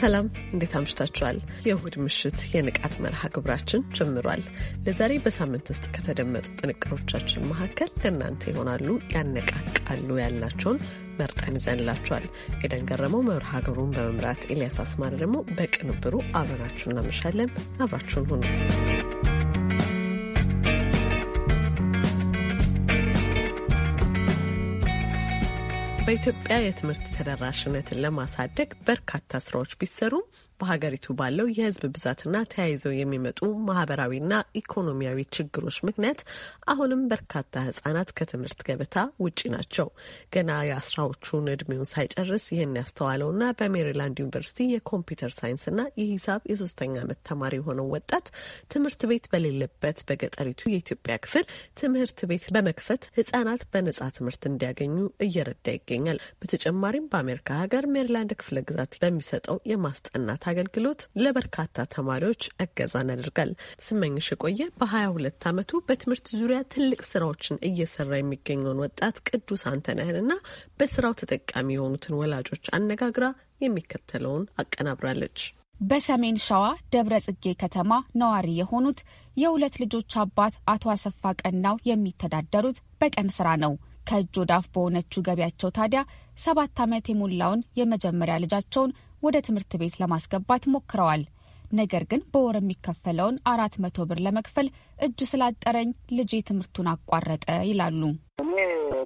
ሰላም እንዴት አምሽታችኋል? የእሁድ ምሽት የንቃት መርሃ ግብራችን ጀምሯል። ለዛሬ በሳምንት ውስጥ ከተደመጡ ጥንቅሮቻችን መካከል ለእናንተ ይሆናሉ ያነቃቃሉ ያላቸውን መርጠን ይዘንላችኋል። ኤደን ገረመው መርሃ ግብሩን በመምራት ኤልያስ አስማር ደግሞ በቅንብሩ አብረናችሁ እናመሻለን። አብራችሁን ሁኑ። በኢትዮጵያ የትምህርት ተደራሽነትን ለማሳደግ በርካታ ስራዎች ቢሰሩም በሀገሪቱ ባለው የህዝብ ብዛትና ተያይዘው የሚመጡ ማህበራዊና ኢኮኖሚያዊ ችግሮች ምክንያት አሁንም በርካታ ህጻናት ከትምህርት ገበታ ውጪ ናቸው። ገና የአስራዎቹን እድሜውን ሳይጨርስ ይህን ያስተዋለውና በሜሪላንድ ዩኒቨርሲቲ የኮምፒውተር ሳይንስና የሂሳብ የሶስተኛ ዓመት ተማሪ የሆነው ወጣት ትምህርት ቤት በሌለበት በገጠሪቱ የኢትዮጵያ ክፍል ትምህርት ቤት በመክፈት ህጻናት በነጻ ትምህርት እንዲያገኙ እየረዳ ይገኛል። በተጨማሪም በአሜሪካ ሀገር ሜሪላንድ ክፍለ ግዛት በሚሰጠው የማስጠናት አገልግሎት ለበርካታ ተማሪዎች እገዛን ያደርጋል። ስመኝሽ የቆየ በ ሁለት ዓመቱ በትምህርት ዙሪያ ትልቅ ስራዎችን እየሰራ የሚገኘውን ወጣት ቅዱስ አንተነህንና በስራው ተጠቃሚ የሆኑትን ወላጆች አነጋግራ የሚከተለውን አቀናብራለች። በሰሜን ሸዋ ደብረ ጽጌ ከተማ ነዋሪ የሆኑት የሁለት ልጆች አባት አቶ አሰፋ ቀናው የሚተዳደሩት በቀን ስራ ነው። ከእጅ ወደ አፍ በሆነችው ገቢያቸው ታዲያ ሰባት ዓመት የሞላውን የመጀመሪያ ልጃቸውን ወደ ትምህርት ቤት ለማስገባት ሞክረዋል። ነገር ግን በወር የሚከፈለውን አራት መቶ ብር ለመክፈል እጅ ስላጠረኝ ልጄ ትምህርቱን አቋረጠ ይላሉ። እኔ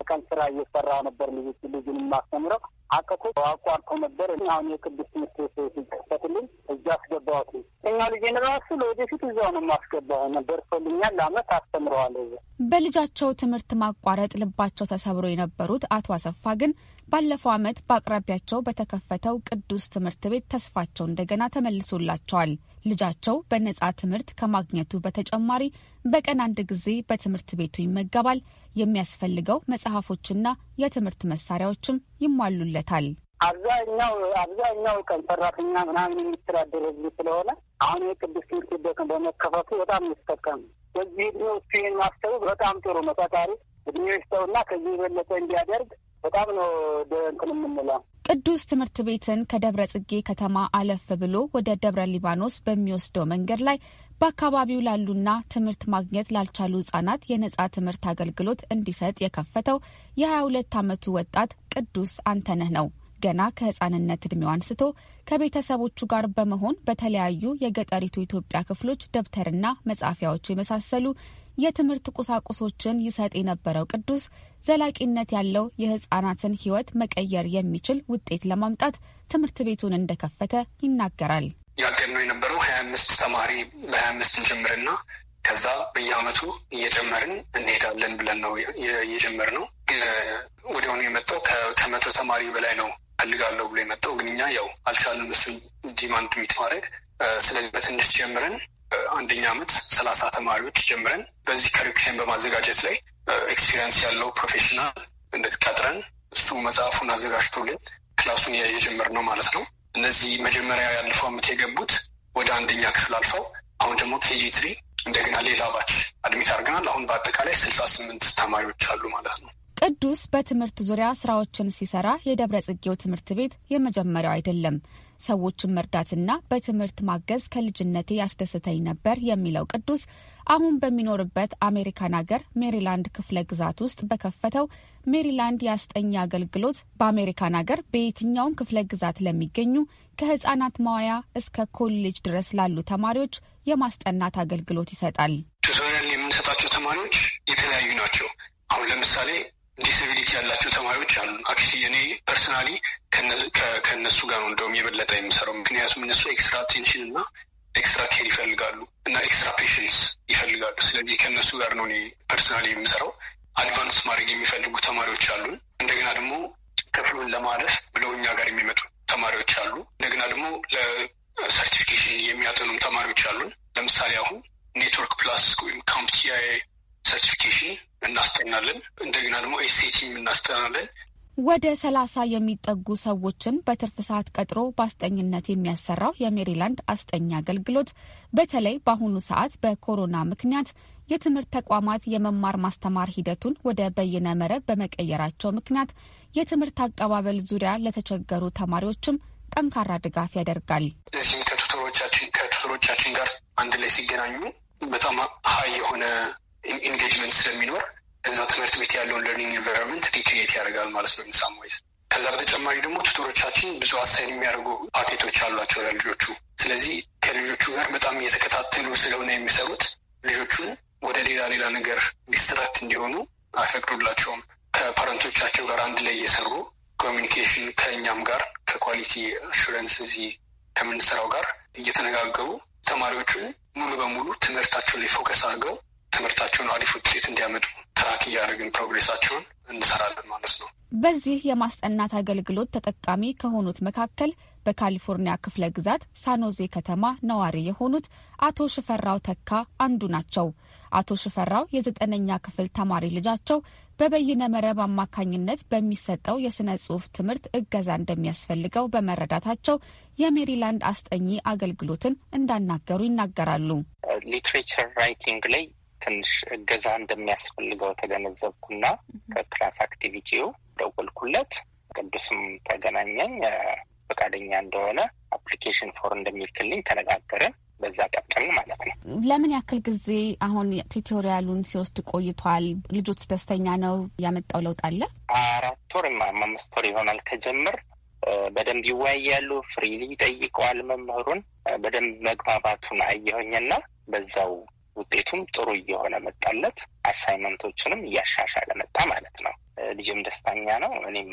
ቀን ስራ እየሰራ ነበር ልጅ ልጅን የማስተምረው አቀቶ አቋርጦ ነበር። አሁን የቅዱስ ትምህርት ቤት ሲከፈትልኝ እዛ አስገባዋት። እኛ ልጄን ራሱ ለወደፊት እዛው ነው የማስገባው ነበር ፈልኛል። ለአመት አስተምረዋል። በልጃቸው ትምህርት ማቋረጥ ልባቸው ተሰብሮ የነበሩት አቶ አሰፋ ግን ባለፈው ዓመት በአቅራቢያቸው በተከፈተው ቅዱስ ትምህርት ቤት ተስፋቸው እንደገና ተመልሶላቸዋል። ልጃቸው በነጻ ትምህርት ከማግኘቱ በተጨማሪ በቀን አንድ ጊዜ በትምህርት ቤቱ ይመገባል። የሚያስፈልገው መጽሐፎችና የትምህርት መሳሪያዎችም ይሟሉለታል። አብዛኛው አብዛኛው ቀን ሰራተኛ ምናምን የሚተዳደር ስለሆነ አሁን የቅዱስ ትምህርት ቤት በመከፈቱ በጣም ይስጠቀም። በዚህ እድሜ ውስጥ ማስተቡ በጣም ጥሩ ነው። ፈጣሪ እድሜ ይስጠውና ከዚህ የበለጠ እንዲያደርግ በጣም ነው እንትን የምንለው። ቅዱስ ትምህርት ቤትን ከደብረ ጽጌ ከተማ አለፍ ብሎ ወደ ደብረ ሊባኖስ በሚወስደው መንገድ ላይ በአካባቢው ላሉና ትምህርት ማግኘት ላልቻሉ ህጻናት የነጻ ትምህርት አገልግሎት እንዲሰጥ የከፈተው የ22 ዓመቱ ወጣት ቅዱስ አንተነህ ነው። ገና ከህጻንነት እድሜው አንስቶ ከቤተሰቦቹ ጋር በመሆን በተለያዩ የገጠሪቱ ኢትዮጵያ ክፍሎች ደብተርና መጻፊያዎች የመሳሰሉ የትምህርት ቁሳቁሶችን ይሰጥ የነበረው ቅዱስ ዘላቂነት ያለው የሕፃናትን ህይወት መቀየር የሚችል ውጤት ለማምጣት ትምህርት ቤቱን እንደከፈተ ይናገራል። ያገድነው የነበረው ሀያ አምስት ተማሪ በሀያ አምስት እንጀምርና ከዛ በየአመቱ እየጀመርን እንሄዳለን ብለን ነው ነው። ወዲያውኑ የመጣው ከመቶ ተማሪ በላይ ነው ፈልጋለሁ ብሎ የመጣው ግን እኛ ያው አልቻልንም እሱን ዲማንድ ሚት ማድረግ። ስለዚህ በትንሽ ጀምረን አንደኛ ዓመት ሰላሳ ተማሪዎች ጀምረን በዚህ ከሪክሌም በማዘጋጀት ላይ ኤክስፒሪንስ ያለው ፕሮፌሽናል እንደት ቀጥረን እሱ መጽሐፉን አዘጋጅቶልን ክላሱን ነው ማለት ነው። እነዚህ መጀመሪያ ያለፈው አመት የገቡት ወደ አንደኛ ክፍል አልፈው አሁን ደግሞ ኬጂ ትሪ እንደገና ሌላ ባች አድሚት አድርገናል። አሁን በአጠቃላይ ስልሳ ስምንት ተማሪዎች አሉ ማለት ነው። ቅዱስ በትምህርት ዙሪያ ስራዎችን ሲሰራ የደብረ ጽጌው ትምህርት ቤት የመጀመሪያው አይደለም። ሰዎችን መርዳትና በትምህርት ማገዝ ከልጅነቴ ያስደስተኝ ነበር የሚለው ቅዱስ አሁን በሚኖርበት አሜሪካን ሀገር ሜሪላንድ ክፍለ ግዛት ውስጥ በከፈተው ሜሪላንድ የአስጠኚ አገልግሎት በአሜሪካን ሀገር በየትኛውም ክፍለ ግዛት ለሚገኙ ከህጻናት መዋያ እስከ ኮሌጅ ድረስ ላሉ ተማሪዎች የማስጠናት አገልግሎት ይሰጣል። ቱቶሪያል የምንሰጣቸው ተማሪዎች የተለያዩ ናቸው። አሁን ለምሳሌ ዲስቢሊቲ ያላቸው ተማሪዎች አሉ። አክቹዋሊ እኔ ፐርሰናሊ ከእነሱ ጋር ነው እንደውም የበለጠ የሚሰራው ምክንያቱም እነሱ ኤክስትራ ቴንሽን እና ኤክስትራ ኬር ይፈልጋሉ እና ኤክስትራ ፔሽንስ ይፈልጋሉ። ስለዚህ ከእነሱ ጋር ነው እኔ ፐርሰናሊ የምሰራው። አድቫንስ ማድረግ የሚፈልጉ ተማሪዎች አሉን። እንደገና ደግሞ ክፍሉን ለማለፍ ብለው እኛ ጋር የሚመጡ ተማሪዎች አሉ። እንደገና ደግሞ ለሰርቲፊኬሽን የሚያጠኑም ተማሪዎች አሉን። ለምሳሌ አሁን ኔትወርክ ፕላስ ወይም ካምፕቲያ ሰርቲፊኬሽን እናስጠናለን። እንደገና ደግሞ ኤስሴቲም እናስጠናለን። ወደ ሰላሳ የሚጠጉ ሰዎችን በትርፍ ሰዓት ቀጥሮ በአስጠኝነት የሚያሰራው የሜሪላንድ አስጠኝ አገልግሎት በተለይ በአሁኑ ሰዓት በኮሮና ምክንያት የትምህርት ተቋማት የመማር ማስተማር ሂደቱን ወደ በይነ መረብ በመቀየራቸው ምክንያት የትምህርት አቀባበል ዙሪያ ለተቸገሩ ተማሪዎችም ጠንካራ ድጋፍ ያደርጋል። እዚህም ከቱቶሮቻችን ጋር አንድ ላይ ሲገናኙ በጣም ሀይ የሆነ ኢንጌጅመንት ስለሚኖር እዛ ትምህርት ቤት ያለውን ለርኒንግ ኢንቫይሮንመንት ሪክሪኤት ያደርጋል ማለት ነው ኢንሳምዌይዝ። ከዛ በተጨማሪ ደግሞ ቱቶሮቻችን ብዙ አሳይን የሚያደርጉ ፓኬቶች አሏቸው ለልጆቹ። ስለዚህ ከልጆቹ ጋር በጣም እየተከታተሉ ስለሆነ የሚሰሩት ልጆቹን ወደ ሌላ ሌላ ነገር ዲስትራክት እንዲሆኑ አይፈቅዱላቸውም። ከፓረንቶቻቸው ጋር አንድ ላይ እየሰሩ ኮሚኒኬሽን ከእኛም ጋር ከኳሊቲ አሹረንስ እዚህ ከምንሰራው ጋር እየተነጋገሩ ተማሪዎቹን ሙሉ በሙሉ ትምህርታቸው ላይ ፎከስ አድርገው ትምህርታቸውን አሪፍ ውጤት እንዲያመጡ ትራክ እያደረግን ፕሮግሬሳቸውን እንሰራለን ማለት ነው። በዚህ የማስጠናት አገልግሎት ተጠቃሚ ከሆኑት መካከል በካሊፎርኒያ ክፍለ ግዛት ሳኖዜ ከተማ ነዋሪ የሆኑት አቶ ሽፈራው ተካ አንዱ ናቸው። አቶ ሽፈራው የዘጠነኛ ክፍል ተማሪ ልጃቸው በበይነ መረብ አማካኝነት በሚሰጠው የሥነ ጽሑፍ ትምህርት እገዛ እንደሚያስፈልገው በመረዳታቸው የሜሪላንድ አስጠኚ አገልግሎትን እንዳናገሩ ይናገራሉ። ሊትሬቸር ራይቲንግ ላይ ትንሽ እገዛ እንደሚያስፈልገው ተገነዘብኩና ከፕላስ አክቲቪቲው ደወልኩለት። ቅዱስም ተገናኘኝ ፈቃደኛ እንደሆነ አፕሊኬሽን ፎር እንደሚልክልኝ ተነጋገርን። በዛ ቀጥል ማለት ነው። ለምን ያክል ጊዜ አሁን ቱቶሪያሉን ሲወስድ ቆይቷል? ልጆች ደስተኛ ነው? ያመጣው ለውጥ አለ? አራት ወር አምስት ወር ይሆናል ከጀምር በደንብ ይወያያሉ። ፍሪሊ ጠይቀዋል። መምህሩን በደንብ መግባባቱን አየሁኝና በዛው ውጤቱም ጥሩ እየሆነ መጣለት። አሳይመንቶችንም እያሻሻለ መጣ ማለት ነው። ልጅም ደስተኛ ነው። እኔም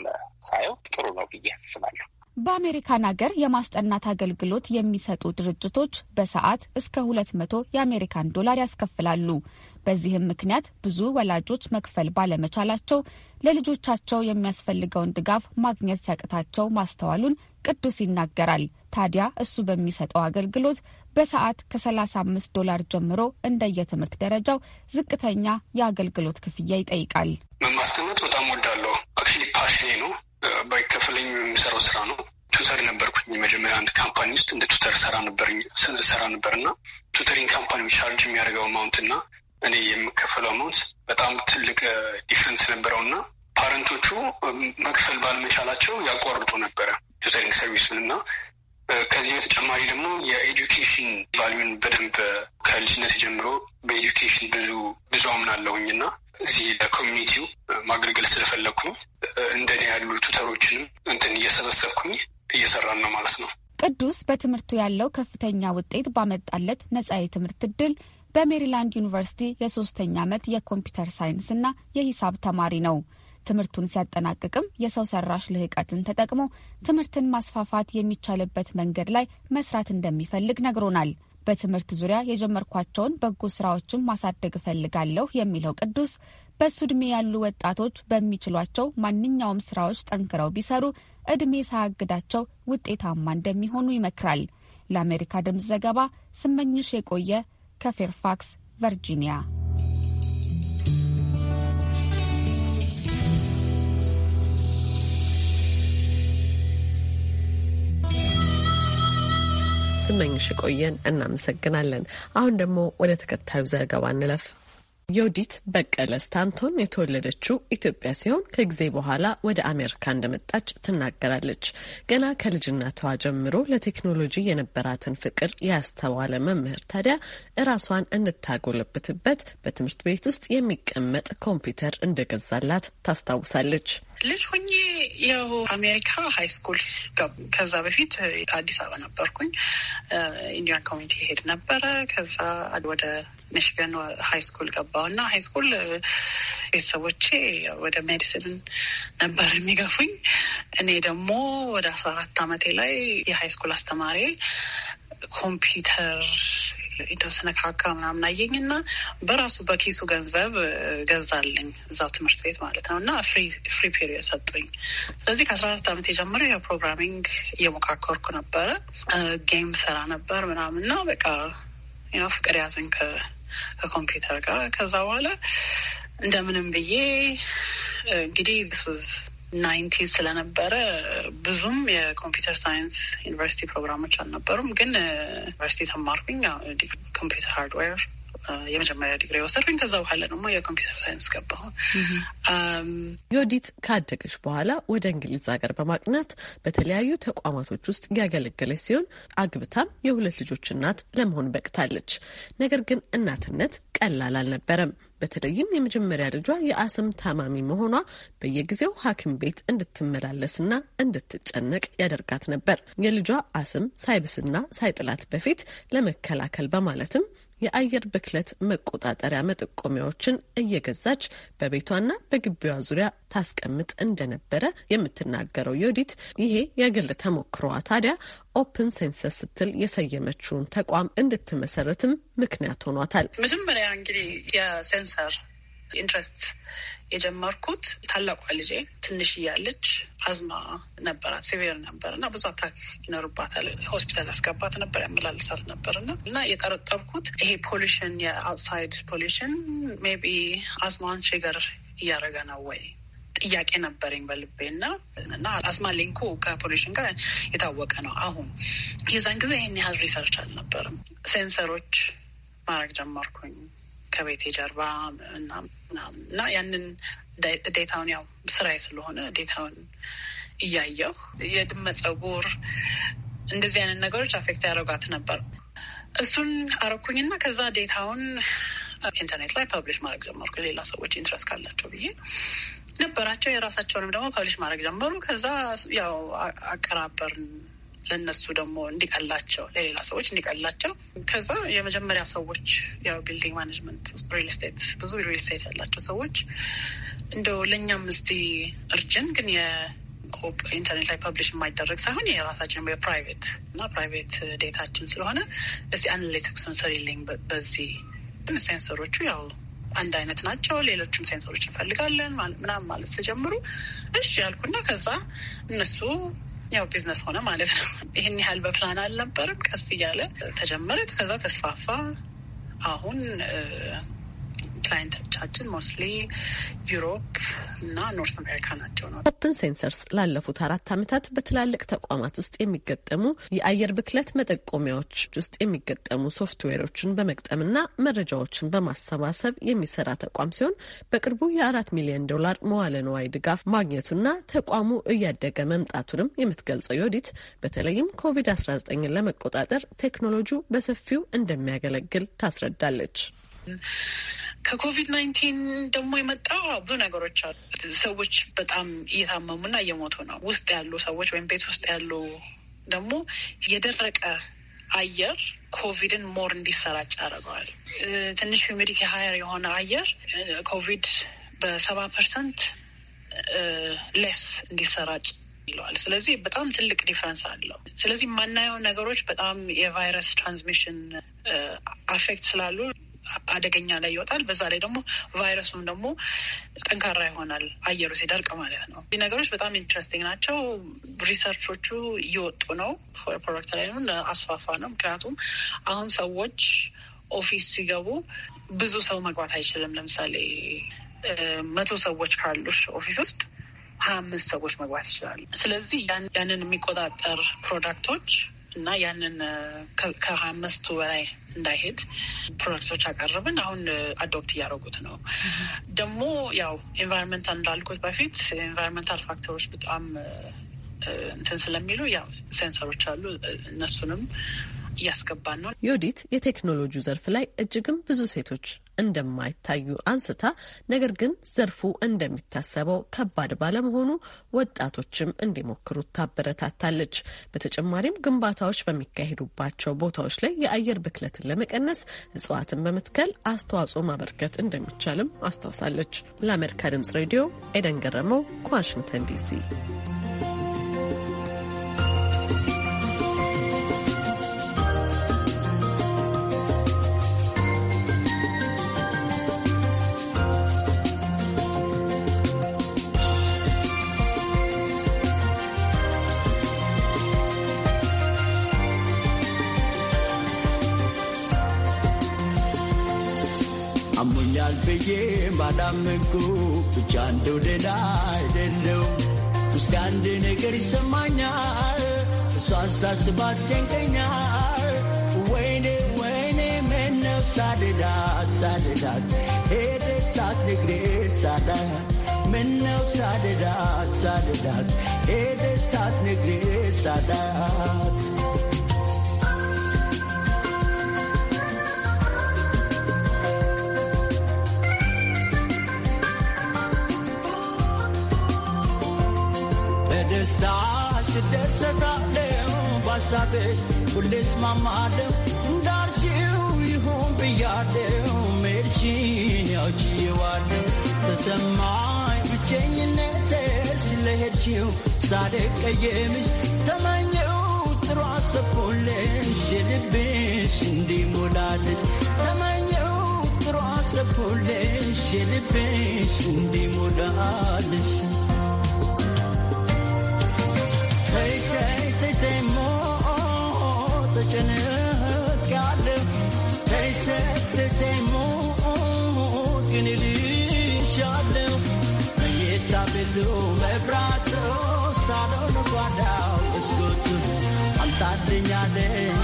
ሳየው ጥሩ ነው ብዬ አስባለሁ። በአሜሪካን ሀገር የማስጠናት አገልግሎት የሚሰጡ ድርጅቶች በሰዓት እስከ ሁለት መቶ የአሜሪካን ዶላር ያስከፍላሉ። በዚህም ምክንያት ብዙ ወላጆች መክፈል ባለመቻላቸው ለልጆቻቸው የሚያስፈልገውን ድጋፍ ማግኘት ሲያቅታቸው ማስተዋሉን ቅዱስ ይናገራል። ታዲያ እሱ በሚሰጠው አገልግሎት በሰዓት ከ35 ዶላር ጀምሮ እንደየትምህርት ደረጃው ዝቅተኛ የአገልግሎት ክፍያ ይጠይቃል። መማስቀመጥ በጣም ወዳለሁ። አክቹዋሊ ፓሽኔ ነው። ባይከፈለኝ የሚሰራው ስራ ነው። ቱተር ነበርኩኝ። መጀመሪያ አንድ ካምፓኒ ውስጥ እንደ ቱተር ሰራ ነበር ሰራ ነበር እና ቱተሪንግ ካምፓኒ ቻርጅ የሚያደርገው አማውንት እና እኔ የምከፈለው አማውንት በጣም ትልቅ ዲፍረንስ ነበረው እና ፓረንቶቹ መክፈል ባለመቻላቸው ያቋርጡ ነበረ ቱተሪንግ ሰርቪሱን እና ከዚህ በተጨማሪ ደግሞ የኤዱኬሽን ቫሊዩን በደንብ ከልጅነት ጀምሮ በኤዱኬሽን ብዙ ብዙ አምናለሁኝ እና እዚህ ለኮሚኒቲው ማገልገል ስለፈለግኩ እንደኔ ያሉ ቱተሮችንም እንትን እየሰበሰብኩኝ እየሰራን ነው ማለት ነው። ቅዱስ በትምህርቱ ያለው ከፍተኛ ውጤት ባመጣለት ነጻ የትምህርት እድል በሜሪላንድ ዩኒቨርሲቲ የሶስተኛ ዓመት የኮምፒውተር ሳይንስና የሂሳብ ተማሪ ነው። ትምህርቱን ሲያጠናቅቅም የሰው ሰራሽ ልህቀትን ተጠቅሞ ትምህርትን ማስፋፋት የሚቻልበት መንገድ ላይ መስራት እንደሚፈልግ ነግሮናል። በትምህርት ዙሪያ የጀመርኳቸውን በጎ ስራዎችን ማሳደግ እፈልጋለሁ የሚለው ቅዱስ በእሱ ዕድሜ ያሉ ወጣቶች በሚችሏቸው ማንኛውም ስራዎች ጠንክረው ቢሰሩ እድሜ ሳያግዳቸው ውጤታማ እንደሚሆኑ ይመክራል። ለአሜሪካ ድምፅ ዘገባ ስመኝሽ የቆየ ከፌርፋክስ ቨርጂኒያ ስመኝሽ ቆየን እናመሰግናለን። አሁን ደግሞ ወደ ተከታዩ ዘገባ እንለፍ። ዮዲት በቀለ ስታንቶን የተወለደችው ኢትዮጵያ ሲሆን ከጊዜ በኋላ ወደ አሜሪካ እንደመጣች ትናገራለች። ገና ከልጅነቷ ጀምሮ ለቴክኖሎጂ የነበራትን ፍቅር ያስተዋለ መምህር ታዲያ እራሷን እንድታጎለብትበት በትምህርት ቤት ውስጥ የሚቀመጥ ኮምፒውተር እንደገዛላት ታስታውሳለች። ልጅ ሆኜ ያው አሜሪካ ሀይ ስኩል ከዛ በፊት አዲስ አበባ ነበርኩኝ። ኢንዲያን ኮሚኒቲ ሄድ ነበረ። ከዛ ወደ ሚሽገን ሀይ ስኩል ገባሁ እና ሀይ ስኩል ቤተሰቦቼ ወደ ሜዲሲን ነበር የሚገፉኝ። እኔ ደግሞ ወደ አስራ አራት አመቴ ላይ የሀይ ስኩል አስተማሪ ኮምፒውተር ስነካካ ምናምን አየኝ እና በራሱ በኪሱ ገንዘብ ገዛልኝ እዛው ትምህርት ቤት ማለት ነው። እና ፍሪ ፔሪዮድ ሰጡኝ። ስለዚህ ከአስራ አራት አመት የጀምሮ የፕሮግራሚንግ እየሞካከርኩ ነበረ። ጌም ሰራ ነበር ምናምን እና በቃ ፍቅር ያዘኝ ከኮምፒውተር ጋር። ከዛ በኋላ እንደምንም ብዬ እንግዲህ ናይንቲ ስለነበረ ብዙም የኮምፒውተር ሳይንስ ዩኒቨርሲቲ ፕሮግራሞች አልነበሩም። ግን ዩኒቨርሲቲ ተማርኩኝ ኮምፒውተር ሃርድዌር የመጀመሪያ ዲግሪ ወሰድኩኝ። ከዛ በኋላ ደግሞ የኮምፒውተር ሳይንስ ገባሁ። ዮዲት ካደገች በኋላ ወደ እንግሊዝ ሀገር በማቅናት በተለያዩ ተቋማቶች ውስጥ ያገለገለች ሲሆን አግብታም የሁለት ልጆች እናት ለመሆን በቅታለች። ነገር ግን እናትነት ቀላል አልነበረም። በተለይም የመጀመሪያ ልጇ የአስም ታማሚ መሆኗ በየጊዜው ሐኪም ቤት እንድትመላለስና እንድትጨነቅ ያደርጋት ነበር። የልጇ አስም ሳይብስና ሳይጥላት በፊት ለመከላከል በማለትም የአየር ብክለት መቆጣጠሪያ መጠቆሚያዎችን እየገዛች በቤቷና በግቢዋ ዙሪያ ታስቀምጥ እንደነበረ የምትናገረው ዮዲት ይሄ የግል ተሞክሯ ታዲያ ኦፕን ሴንሰስ ስትል የሰየመችውን ተቋም እንድትመሰረትም ምክንያት ሆኗታል። መጀመሪያ እንግዲህ የሴንሰር ኢንትረስት የጀመርኩት ታላቋ ልጄ ትንሽ እያለች አዝማ ነበራት፣ ሲቪር ነበር እና ብዙ አታክ ይኖርባታል። ሆስፒታል ያስገባት ነበር፣ ያመላልሳት ነበር እና እና የጠረጠርኩት ይሄ ፖሊሽን የአውትሳይድ ፖሊሽን ሜቢ አዝማን ሽገር እያደረገ ነው ወይ ጥያቄ ነበረኝ በልቤ እና እና አስማ ሊንኩ ከፖሊሽን ጋር የታወቀ ነው። አሁን የዛን ጊዜ ይህን ያህል ሪሰርች አልነበርም። ሴንሰሮች ማድረግ ጀመርኩኝ ከቤቴ ጀርባ እና ምናምን እና ያንን ዴታውን ያው ስራዬ ስለሆነ ዴታውን እያየሁ የድመ ጸጉር እንደዚህ አይነት ነገሮች አፌክት ያደረጓት ነበር። እሱን አረኩኝና ከዛ ዴታውን ኢንተርኔት ላይ ፐብሊሽ ማድረግ ጀመርኩ። ሌላ ሰዎች ኢንትረስት ካላቸው ብዬ ነበራቸው የራሳቸውንም ደግሞ ፐብሊሽ ማድረግ ጀመሩ። ከዛ ያው አቀራበርን ለእነሱ ደግሞ እንዲቀላቸው ለሌላ ሰዎች እንዲቀላቸው። ከዛ የመጀመሪያ ሰዎች ያው ቢልዲንግ ማኔጅመንት ሪል ስቴት ብዙ ሪል ስቴት ያላቸው ሰዎች እንደው ለእኛም እስቲ እርጅን ግን የሆፕ ኢንተርኔት ላይ ፐብሊሽ የማይደረግ ሳይሆን የራሳችን የፕራይቬት እና ፕራይቬት ዴታችን ስለሆነ እስቲ አናሊቲክሱን ስሪልኝ በዚህ ሴንሰሮቹ ያው አንድ አይነት ናቸው። ሌሎችን ሴንሰሮች እንፈልጋለን ምናምን ማለት ሲጀምሩ እሺ ያልኩና ከዛ እነሱ ያው ቢዝነስ ሆነ ማለት ነው። ይህን ያህል በፕላን አልነበርም። ቀስ እያለ ተጀመረ፣ ከዛ ተስፋፋ። አሁን ክላይንቶቻችን ሞስሊ ዩሮፕ እና ኖርስ አሜሪካ ናቸው ነው። ኦፕን ሴንሰርስ ላለፉት አራት ዓመታት በትላልቅ ተቋማት ውስጥ የሚገጠሙ የአየር ብክለት መጠቆሚያዎች ውስጥ የሚገጠሙ ሶፍትዌሮችን በመግጠምና መረጃዎችን በማሰባሰብ የሚሰራ ተቋም ሲሆን በቅርቡ የአራት ሚሊዮን ዶላር መዋለ ንዋይ ድጋፍ ማግኘቱና ተቋሙ እያደገ መምጣቱንም የምትገልጸው ዮዲት በተለይም ኮቪድ-19ን ለመቆጣጠር ቴክኖሎጂው በሰፊው እንደሚያገለግል ታስረዳለች። ከኮቪድ ናይንቲን ደግሞ የመጣ ብዙ ነገሮች አሉ። ሰዎች በጣም እየታመሙና እየሞቱ ነው። ውስጥ ያሉ ሰዎች ወይም ቤት ውስጥ ያሉ ደግሞ የደረቀ አየር ኮቪድን ሞር እንዲሰራጭ ያደርገዋል። ትንሽ ሂውሚዲቲ ሀየር የሆነ አየር ኮቪድ በሰባ ፐርሰንት ሌስ እንዲሰራጭ ይለዋል። ስለዚህ በጣም ትልቅ ዲፍረንስ አለው። ስለዚህ የማናየው ነገሮች በጣም የቫይረስ ትራንስሚሽን አፌክት ስላሉ አደገኛ ላይ ይወጣል። በዛ ላይ ደግሞ ቫይረሱም ደግሞ ጠንካራ ይሆናል አየሩ ሲደርቅ ማለት ነው። እዚህ ነገሮች በጣም ኢንትረስቲንግ ናቸው። ሪሰርቾቹ እየወጡ ነው። ፕሮዳክት ላይ አስፋፋ ነው። ምክንያቱም አሁን ሰዎች ኦፊስ ሲገቡ ብዙ ሰው መግባት አይችልም። ለምሳሌ መቶ ሰዎች ካሉሽ ኦፊስ ውስጥ ሀያ አምስት ሰዎች መግባት ይችላሉ። ስለዚህ ያንን የሚቆጣጠር ፕሮዳክቶች እና ያንን ከአምስቱ በላይ እንዳይሄድ ፕሮዳክቶች አቀርብን። አሁን አዶፕት እያደረጉት ነው። ደግሞ ያው ኤንቫይሮንመንታል እንዳልኩት በፊት ኤንቫይሮንመንታል ፋክተሮች በጣም እንትን ስለሚሉ ያው ሴንሰሮች አሉ እነሱንም እያስገባን ነው። ዮዲት የቴክኖሎጂው ዘርፍ ላይ እጅግም ብዙ ሴቶች እንደማይታዩ አንስታ፣ ነገር ግን ዘርፉ እንደሚታሰበው ከባድ ባለመሆኑ ወጣቶችም እንዲሞክሩት ታበረታታለች። በተጨማሪም ግንባታዎች በሚካሄዱባቸው ቦታዎች ላይ የአየር ብክለትን ለመቀነስ እጽዋትን በመትከል አስተዋጽኦ ማበርከት እንደሚቻልም አስታውሳለች። ለአሜሪካ ድምጽ ሬዲዮ ኤደን ገረመው ከዋሽንግተን ዲሲ ይሆናል ብዬ ባላመንኩ ብቻ እንደው ደህና አይደለሁም። ውስጥ አንድ ነገር ይሰማኛል፣ እሷን ሳስባት ጨንቀኛል። ወይኔ ወይኔ ምነው ሳልላት ሳልላት ሄደች ሳትነግረኝ ሳላያት ምነው ሳልላት ሳልላት ሄደች ሳትነግረኝ ሳላያት እደሰታለሁ ባሳብሽ ሁሌ እስማማለሁ እንዳልሽው ይሁን ብያለሁ ሜርሽን ያውጭዋለሁ ተሰማኝ ብቸኝነትሽ ለሄድሽው ሳልቀየምሽ ተመኘው ጥሩ አሰብኩልሽ የልብሽ እንዲሞላልሽ ተመኘው ጥሩ አሰብኩልሽ የልብሽ እንዲሞላልሽ I'm tired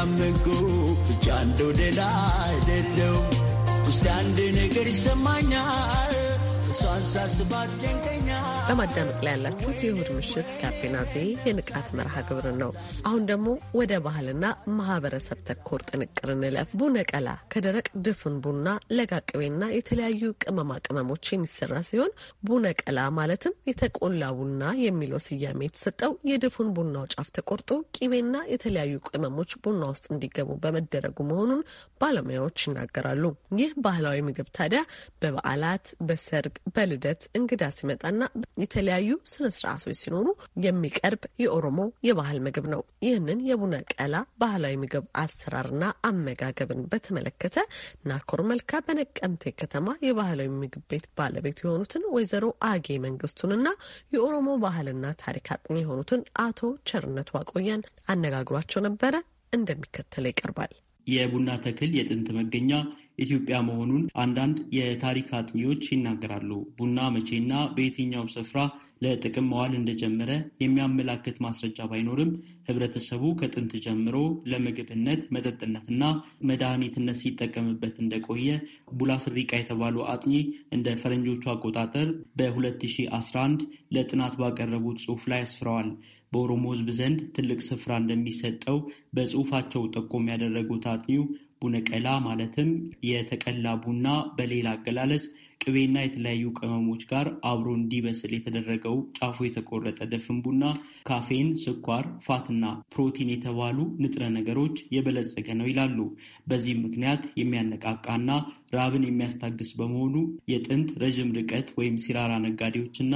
አላመንኩ ብቻ እንደው አይደለም አይደለሁም። ውስጥ አንድ ነገር ይሰማኛል እሷን ሳስባት ጨንቀኝ በማዳመቅ ላይ ያላችሁት የእሁድ ምሽት ጋቢና ቤ የንቃት መርሃ ግብር ነው። አሁን ደግሞ ወደ ባህልና ማህበረሰብ ተኮር ጥንቅር እንለፍ። ቡነቀላ ከደረቅ ድፍን ቡና፣ ለጋ የተለያዩ ቅመማ ቅመሞች የሚሰራ ሲሆን ቡነቀላ ማለትም የተቆላ ቡና የሚለው ስያሜ የተሰጠው የድፍን ቡናው ጫፍ ተቆርጦ ቂቤና የተለያዩ ቅመሞች ቡና ውስጥ እንዲገቡ በመደረጉ መሆኑን ባለሙያዎች ይናገራሉ። ይህ ባህላዊ ምግብ ታዲያ በበዓላት፣ በሰርግ፣ በልደት እንግዳ ሲመጣና የተለያዩ ስነ ስርዓቶች ሲኖሩ የሚቀርብ የኦሮሞ የባህል ምግብ ነው። ይህንን የቡና ቀላ ባህላዊ ምግብ አሰራርና አመጋገብን በተመለከተ ናኮር መልካ በነቀምቴ ከተማ የባህላዊ ምግብ ቤት ባለቤት የሆኑትን ወይዘሮ አጌ መንግስቱንና የኦሮሞ ባህልና ታሪክ አጥኚ የሆኑትን አቶ ቸርነት ዋቆያን አነጋግሯቸው ነበረ። እንደሚከተለው ይቀርባል። የቡና ተክል የጥንት መገኛ ኢትዮጵያ መሆኑን አንዳንድ የታሪክ አጥኚዎች ይናገራሉ። ቡና መቼና በየትኛውም ስፍራ ለጥቅም መዋል እንደጀመረ የሚያመላክት ማስረጃ ባይኖርም ህብረተሰቡ ከጥንት ጀምሮ ለምግብነት፣ መጠጥነትና መድኃኒትነት ሲጠቀምበት እንደቆየ ቡላስሪቃ የተባሉ አጥኚ እንደ ፈረንጆቹ አቆጣጠር በ2011 ለጥናት ባቀረቡት ጽሑፍ ላይ አስፍረዋል። በኦሮሞ ህዝብ ዘንድ ትልቅ ስፍራ እንደሚሰጠው በጽሑፋቸው ጠቆም ያደረጉት አጥኚው ቡነቀላ ማለትም የተቀላ ቡና በሌላ አገላለጽ ቅቤና የተለያዩ ቅመሞች ጋር አብሮ እንዲበስል የተደረገው ጫፉ የተቆረጠ ደፍን ቡና ካፌን፣ ስኳር፣ ፋትና ፕሮቲን የተባሉ ንጥረ ነገሮች የበለጸገ ነው ይላሉ። በዚህም ምክንያት የሚያነቃቃና ራብን የሚያስታግስ በመሆኑ የጥንት ረዥም ርቀት ወይም ሲራራ ነጋዴዎችና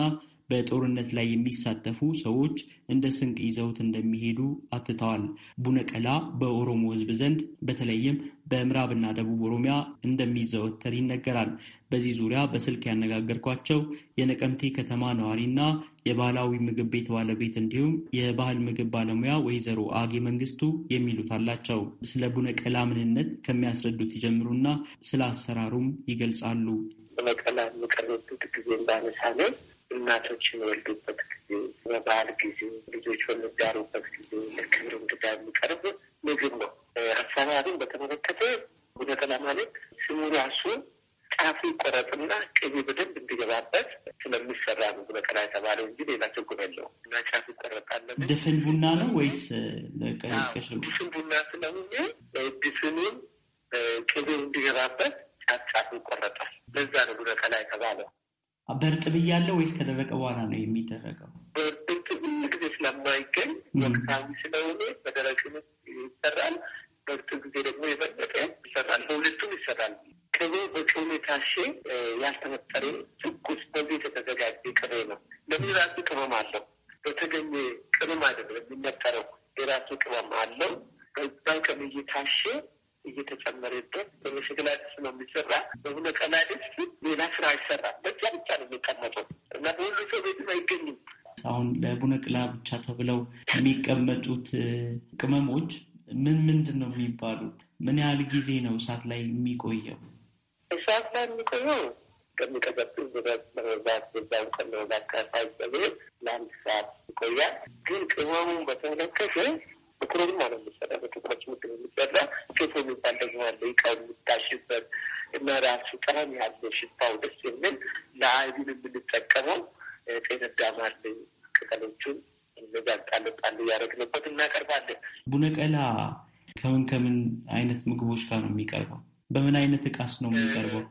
በጦርነት ላይ የሚሳተፉ ሰዎች እንደ ስንቅ ይዘውት እንደሚሄዱ አትተዋል። ቡነቀላ በኦሮሞ ሕዝብ ዘንድ በተለይም በምዕራብና ደቡብ ኦሮሚያ እንደሚዘወተር ይነገራል። በዚህ ዙሪያ በስልክ ያነጋገርኳቸው የነቀምቴ ከተማ ነዋሪና የባህላዊ ምግብ ቤት ባለቤት እንዲሁም የባህል ምግብ ባለሙያ ወይዘሮ አጌ መንግስቱ የሚሉት አላቸው። ስለ ቡነቀላ ምንነት ከሚያስረዱት ይጀምሩና ስለ አሰራሩም ይገልጻሉ። ቡነቀላ የሚቀርብበት ጊዜ እንዳነሳ ነው እናቶች የሚወልዱበት ጊዜ፣ በባህል ጊዜ፣ ልጆች በሚዳሩበት ጊዜ ለክብር እንግዳ የሚቀርብ ምግብ ነው። አሰራሩን በተመለከተ ጉነጠላ ማለት ስሙ ራሱ ጫፉ ይቆረጥና ቅቤ በደንብ እንዲገባበት ስለሚሰራ ነው ጉደጠላ የተባለው እንጂ ሌላ ችግር የለው እና ጫፉ ይቆረጣል። ድፍን ቡና ነው ወይስ ድፍን ቡና ስለሆነ ድፍኑን ቅቤ እንዲገባበት ጫፍ ጫፉ ይቆረጣል። በዛ ነው ጉነጠላ የተባለው። በእርጥ ብያለው ወይስ ከደረቀ በኋላ ነው የሚደረገው? በእርጥ ብዙ ጊዜ ስለማይገኝ ወቅታዊ ስለ ለቡነቅላ ብቻ ተብለው የሚቀመጡት ቅመሞች ምን ምንድን ነው የሚባሉት? ምን ያህል ጊዜ ነው እሳት ላይ የሚቆየው? እሳት ላይ የሚቆየው ከሚቀጠጡ በመብዛት በዛም ከመብዛት ከፋይበ ለአንድ ሰዓት ይቆያል። ግን ቅመሙን በተመለከተ በክሮድማ ነው የሚሰራ በትኩረት ምግብ የሚሰራ ኬቶ የሚባል ደግሞ ያለ ይቃ የሚታሽበት እና ራሱ ጣም ያለ ሽታው ደስ የሚል ለአይቢን የምንጠቀመው ጤነዳማለኝ ቅጠሎቹን እነዛ ጣል ጣል እያደረግንበት እናቀርባለን። ቡነቀላ ከምን ከምን አይነት ምግቦች ጋር ነው የሚቀርበው? በምን አይነት እቃስ ነው የሚቀርበው?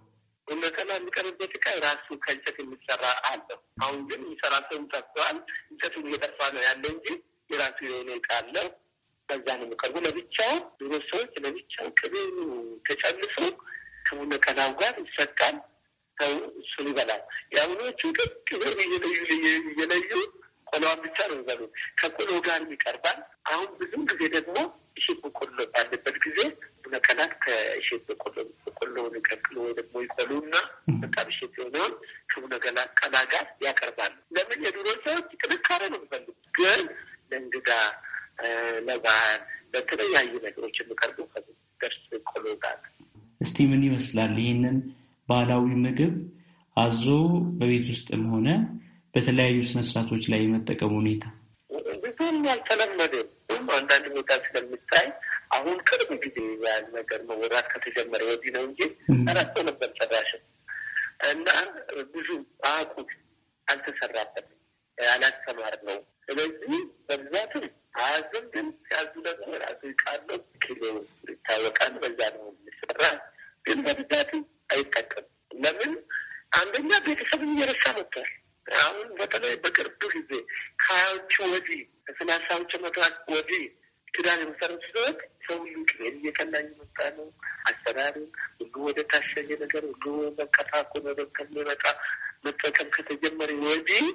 ቡነቀላ የሚቀርበት እቃ ራሱ ከእንጨት የሚሰራ አለው። አሁን ግን የሚሰራ ሰው ጠፍተዋል። እንጨቱ እየጠፋ ነው ያለ እንጂ የራሱ የሆነ እቃ አለው። ከዛ ነው የሚቀርቡ ለብቻው ድሮ ሰዎች ለብቻው ቅቤ ተጨልሶ ከቡነቀላው ጋር ይሰጣል። ሰው እሱን ይበላል። የአሁኖቹ ቅቤ እየለዩ እየለዩ ቆሎዋን ብቻ ነው ይበሉ። ከቆሎ ጋር ይቀርባል። አሁን ብዙ ጊዜ ደግሞ እሺ በቆሎ ባለበት ጊዜ ቡነቀላት ከእሺ በቆሎ በቆሎውን ቀቅሎ ወይ ደግሞ እና በቃ ብሸት የሆነውን ከቡነገላ ቀላ ጋር ያቀርባሉ። ለምን የዱሮ ሰዎች ጥንካሬ ነው የሚፈልጉ ግን ለእንግዳ ለባህል በተለያዩ ነገሮች የሚቀርቡ ከደርስ ቆሎ ጋር እስቲ ምን ይመስላል? ይህንን ባህላዊ ምግብ አዞ በቤት ውስጥም ሆነ በተለያዩ ስነስርዓቶች ላይ የመጠቀም ሁኔታ ብዙም ያልተለመደ አንዳንድ ቦታ ስለምታይ አሁን ቅርብ ጊዜ ያን ነገር መወራት ከተጀመረ ወዲህ ነው እንጂ አራት ነበር ጨራሽም እና ብዙ አቁት አልተሰራበትም አላስተማር ነው። ስለዚህ በብዛትም አያዝም፣ ግን ሲያዙ ደግሞ ራሱ ቃለው ኪሎ ይታወቃል። በዛ ነው የሚሰራ ወዲህ ከሰላሳ ውጭ መታት ወዲህ ትዳር የመሰረት ሰዎች ሰው ሁሉ ቅቤን እየቀላኝ መጣ ነው። አሰራሩ ሁሉ ወደ ታሸገ ነገር ሁሉ በቀታ መበከል መጣ። መጠቀም ከተጀመረ ወዲህ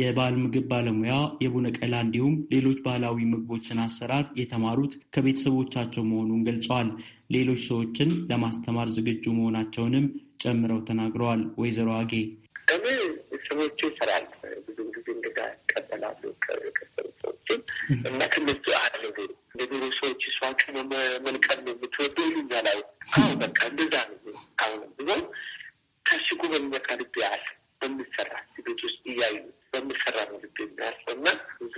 የባህል ምግብ ባለሙያ የቡነ ቀላ እንዲሁም ሌሎች ባህላዊ ምግቦችን አሰራር የተማሩት ከቤተሰቦቻቸው መሆኑን ገልጸዋል። ሌሎች ሰዎችን ለማስተማር ዝግጁ መሆናቸውንም ጨምረው ተናግረዋል። ወይዘሮ አጌ እኔ እና ከነሱ አደረገ እንደሚሉ ሰዎች እሷቸው መልቀም ነው የምትወደው ይሉኛል። አይ አሁ በቃ እንደዛ ነው። አሁን ብሎ ከሽጉ በሚመካ ልብ ያል በምሰራ ቤት ውስጥ እያዩ በምሰራ ነው ልብ የሚያስበና ብዙ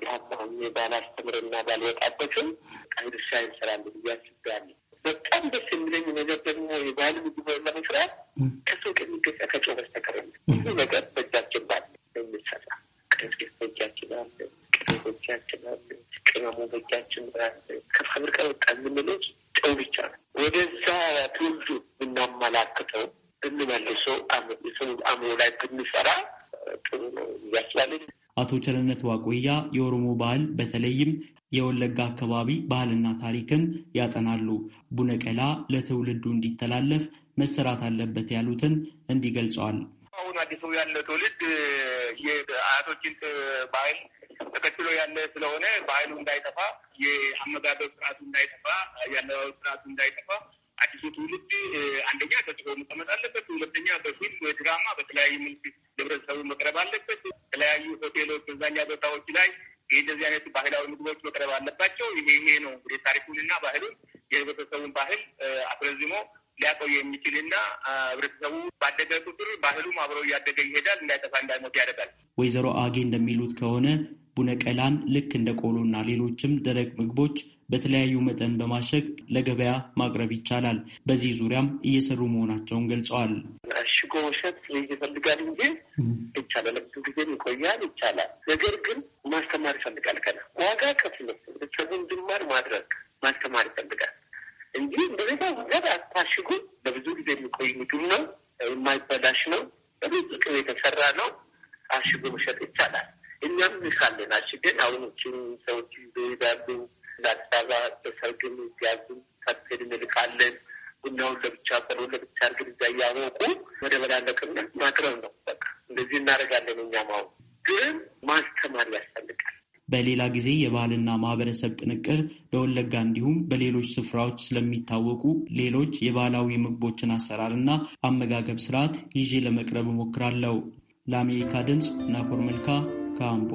የሀባሁን ባላስተምርና ባልወጣበትም ከህርሻ ይሰራለ እያስባለ በጣም ደስ የሚለኝ ነገር ደግሞ የባህል ምግብ ለመስራት ከሰው ከሚገዛ ከጮ በስተቀር ብዙ ነገር በእጃችን ባለ በእጃችን አሉ፣ ቅመሙ በእጃችን ከፋብሪካ ወጣ የምንለው ጨው ብቻ ነው። ወደዛ ትውልዱ ብናመላክተው ብንመልሰው አእምሮ ላይ ብንሰራ ጥሩ ነው እያስባለን። አቶ ቸርነት ዋቆያ የኦሮሞ ባህል በተለይም የወለጋ አካባቢ ባህልና ታሪክን ያጠናሉ። ቡነቀላ ለትውልዱ እንዲተላለፍ መሰራት አለበት ያሉትን እንዲገልጸዋል። አሁን አዲሱ ያለ ትውልድ ስርዓቶችን ባህል ተከትሎ ያለ ስለሆነ ባህሉ እንዳይጠፋ፣ የአመጋገብ ስርዓቱ እንዳይጠፋ፣ የአለባበስ ስርዓቱ እንዳይጠፋ አዲሱ ትውልድ አንደኛ ተጽፎ መቀመጥ አለበት። ሁለተኛ በፊልም በድራማ በተለያዩ መልክ ለህብረተሰቡ መቅረብ አለበት። የተለያዩ ሆቴሎች፣ መዝናኛ ቦታዎች ላይ እንደዚህ አይነት ባህላዊ ምግቦች መቅረብ አለባቸው። ይሄ ይሄ ነው እንግዲህ ታሪኩንና ባህሉን የህብረተሰቡን ባህል አስረዝሞ ሊያቆየ የሚችልና ህብረተሰቡ ባደገ ቁጥር ባህሉም አብረው እያደገ ይሄዳል፣ እንዳይጠፋ እንዳይሞት ያደጋል። ወይዘሮ አጌ እንደሚሉት ከሆነ ቡነቀላን ልክ እንደ ቆሎና ሌሎችም ደረቅ ምግቦች በተለያዩ መጠን በማሸግ ለገበያ ማቅረብ ይቻላል። በዚህ ዙሪያም እየሰሩ መሆናቸውን ገልጸዋል። እሽጎ መሸጥ ይፈልጋል እንጂ ይቻላል፣ ለብዙ ጊዜም ይቆያል፣ ይቻላል። ነገር ግን ማስተማር ይፈልጋል። ከና ዋጋ ከፍሎ ህብረተሰቡን ድማር ማድረግ ማስተማር ይፈልጋል። እንጂ እንደዛ ዘር አታሽጉም። ለብዙ ጊዜ የሚቆይ ምግብ ነው። የማይበላሽ ነው። በብዙ ቅቤ የተሰራ ነው። አሽጎ መሸጥ ይቻላል። እኛም እንሻለን አሽገን አሁኖችን ሰዎች ይዞ ይሄዳሉ። ለአዲስ አበባ በሰርግም ሲያዙ ካርቴል እንልካለን። ቡናውን ለብቻ ፈሮ ለብቻ እርግን እዛ እያወቁ ወደ በላለቅነት ማቅረብ ነው። በቃ እንደዚህ እናደርጋለን። እኛም አሁን ግን ማስተማር ያስፈልጋል። በሌላ ጊዜ የባህልና ማህበረሰብ ጥንቅር በወለጋ እንዲሁም በሌሎች ስፍራዎች ስለሚታወቁ ሌሎች የባህላዊ ምግቦችን አሰራርና አመጋገብ ስርዓት ይዤ ለመቅረብ እሞክራለሁ። ለአሜሪካ ድምፅ ናኮር መልካ ካምቦ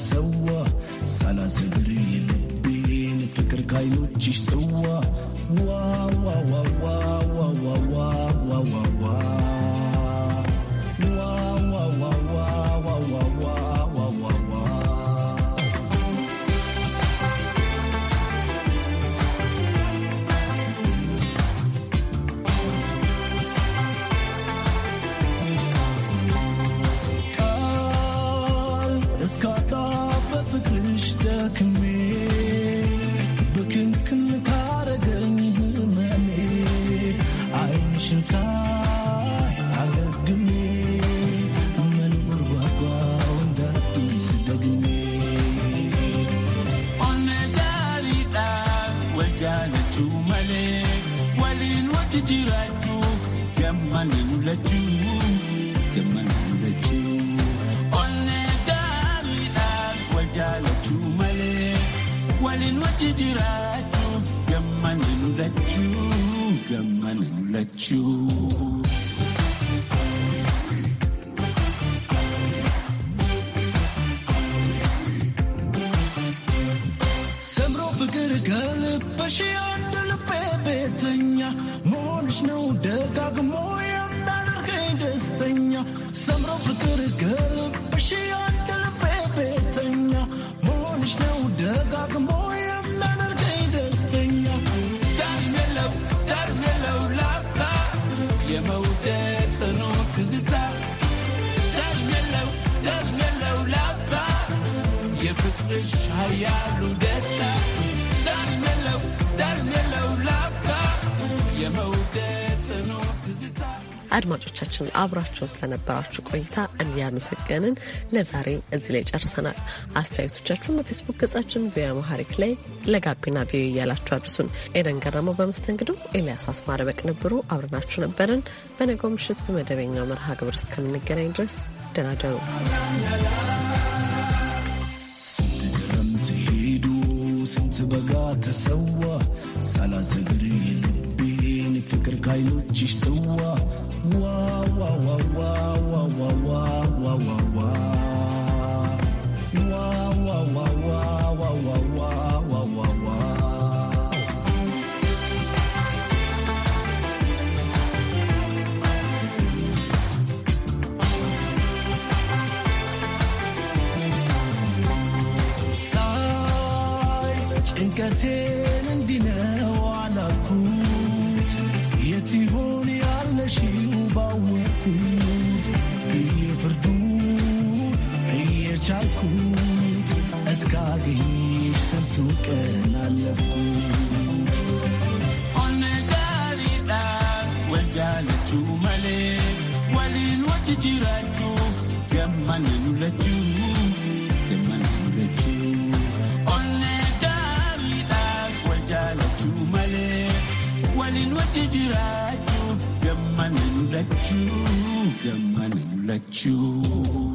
ተሰዋ ሳላሰግር የልቤን ፍቅር ካይኖችሽ ሰዋ ዋዋዋዋዋዋዋዋዋዋዋ wal jaalachuu malee waliin wachi jiraachuuf gammana lulachuu gammana lulachuu waliin ፍቅርሽ አንድ ልቤ ቤተኛ መሆንሽ ነው ደጋግሞ የሚያደርገኝ ደስተኛ ሰምሮ ፍቅር ገልብሽ አንድ ልቤ ቤተኛ መሆንሽ ነው ደጋግሞ የሚያደርገኝ ደስተኛ ዳርሜለው ዳርሜለው ላፍታ የመውደድ ጽኑ ትዝታ ዳርሜለው ዳርሜለው ላፍታ ደስታ አድማጮቻችን አብራችሁን ስለነበራችሁ ቆይታ እያመሰገንን ለዛሬ እዚህ ላይ ጨርሰናል። አስተያየቶቻችሁን በፌስቡክ ገጻችን ቪኦኤ አማሃሪክ ላይ ለጋቢና ቪዮ እያላችሁ አድርሱን። ኤደን ገረመው በመስተንግዶ፣ ኤልያስ አስማረ በቅንብሩ አብረናችሁ ነበርን። በነገው ምሽት በመደበኛው መርሃ ግብር እስከምንገናኝ ድረስ ደናደሩ። ተሰዋ ሳላዘግር የልቤን ፍቅር ካይኖችሽ ሰዋ ዋዋዋዋዋዋዋዋዋዋ دقيقتين عندنا وعلى كوت يتي هون على شي وبوكوت هي فردوت هي شالكوت اسكاغيش سلسوكن علفكوت انا داري دار وجالتو ملي ولين وتجيراتو كمان نلتو Gaarin wajji jiraachuuf gammanan lachuu gammanan lachuu.